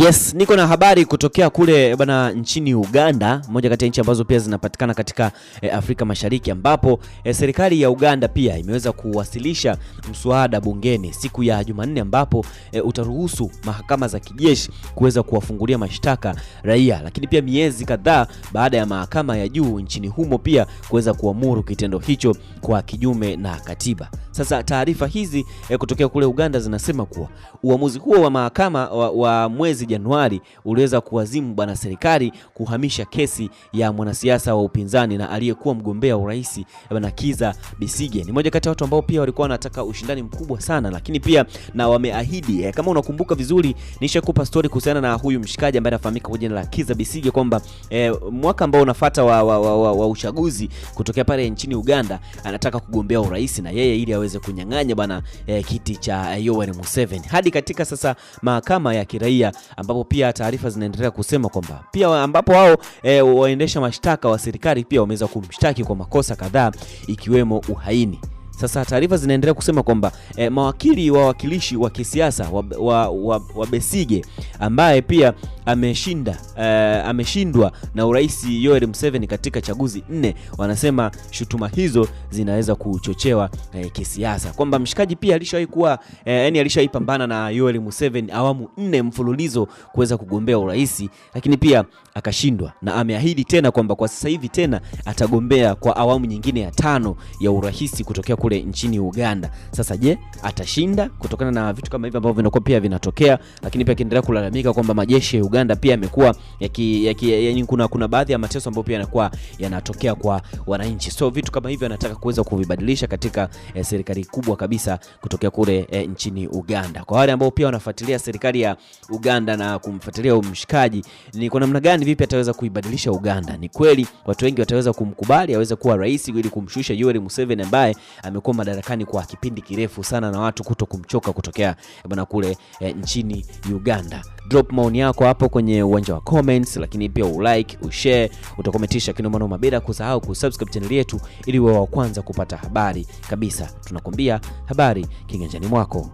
Yes, niko na habari kutokea kule bana nchini Uganda, moja kati ya nchi ambazo pia zinapatikana katika e, Afrika Mashariki ambapo e, serikali ya Uganda pia imeweza kuwasilisha mswada bungeni siku ya Jumanne ambapo e, utaruhusu mahakama za kijeshi kuweza kuwafungulia mashtaka raia, lakini pia miezi kadhaa baada ya mahakama ya juu nchini humo pia kuweza kuamuru kitendo hicho kwa kinyume na katiba. Sasa taarifa hizi e, kutokea kule Uganda zinasema kuwa uamuzi huo wa mahakama wa, wa mwezi Januari uliweza kuwazimu bwana serikali kuhamisha kesi ya mwanasiasa wa upinzani na aliyekuwa mgombea urais bwana Kiza Bisige. Ni moja kati ya watu ambao pia walikuwa wanataka ushindani mkubwa sana, lakini pia na wameahidi eh, kama unakumbuka vizuri nishakupa story kuhusiana na huyu mshikaji ambaye anafahamika kwa jina la Kiza Bisige kwamba eh, mwaka ambao unafuata wa, wa, wa, wa, wa uchaguzi kutokea pale nchini Uganda anataka kugombea urais na yeye ili aweze kunyang'anya bwana eh, kiti cha Yoweri Museveni hadi katika sasa mahakama ya kiraia ambapo pia taarifa zinaendelea kusema kwamba pia ambapo wao e, waendesha mashtaka wa serikali pia wameweza kumshtaki kwa makosa kadhaa ikiwemo uhaini. Sasa taarifa zinaendelea kusema kwamba e, mawakili wa wawakilishi wa kisiasa wa, wa, wa, wa Besige ambaye pia ameshinda uh, ameshindwa na urais Yoel Museveni katika chaguzi nne, wanasema shutuma hizo zinaweza kuchochewa uh, kisiasa, kwamba mshikaji pia alishawahi kuwa eh, yani uh, yani alishaipambana na Yoel Museveni awamu nne mfululizo kuweza kugombea urais, lakini pia akashindwa, na ameahidi tena kwamba kwa sasa hivi tena atagombea kwa awamu nyingine ya tano ya urais kutokea kule nchini Uganda. Sasa je, atashinda kutokana na vitu kama hivi ambavyo vinakuwa pia vinatokea, lakini pia akiendelea kulalamika kwamba majeshi ya Uganda Uganda pia yamekuwa yaki yani kuna, kuna baadhi ya mateso ambayo pia yanakuwa yanatokea kwa wananchi, so vitu kama hivyo anataka kuweza kuvibadilisha katika eh, serikali kubwa kabisa kutokea kule eh, nchini Uganda. Kwa wale ambao pia wanafuatilia serikali ya Uganda na kumfuatilia umshikaji, ni kwa namna gani vipi ataweza kuibadilisha Uganda? Ni kweli watu wengi wataweza kumkubali aweze kuwa rais ili kumshusha Yoweri Museveni ambaye amekuwa madarakani kwa kipindi kirefu sana na watu kuto kumchoka kutokea bwana kule eh, nchini Uganda. Drop maoni yako hapo hapo kwenye uwanja wa comments, lakini pia ulike, ushare, utakomentisha kinomanoma bila kusahau kusubscribe channel yetu ili uwe wa kwanza kupata habari kabisa. Tunakwambia habari kiganjani mwako.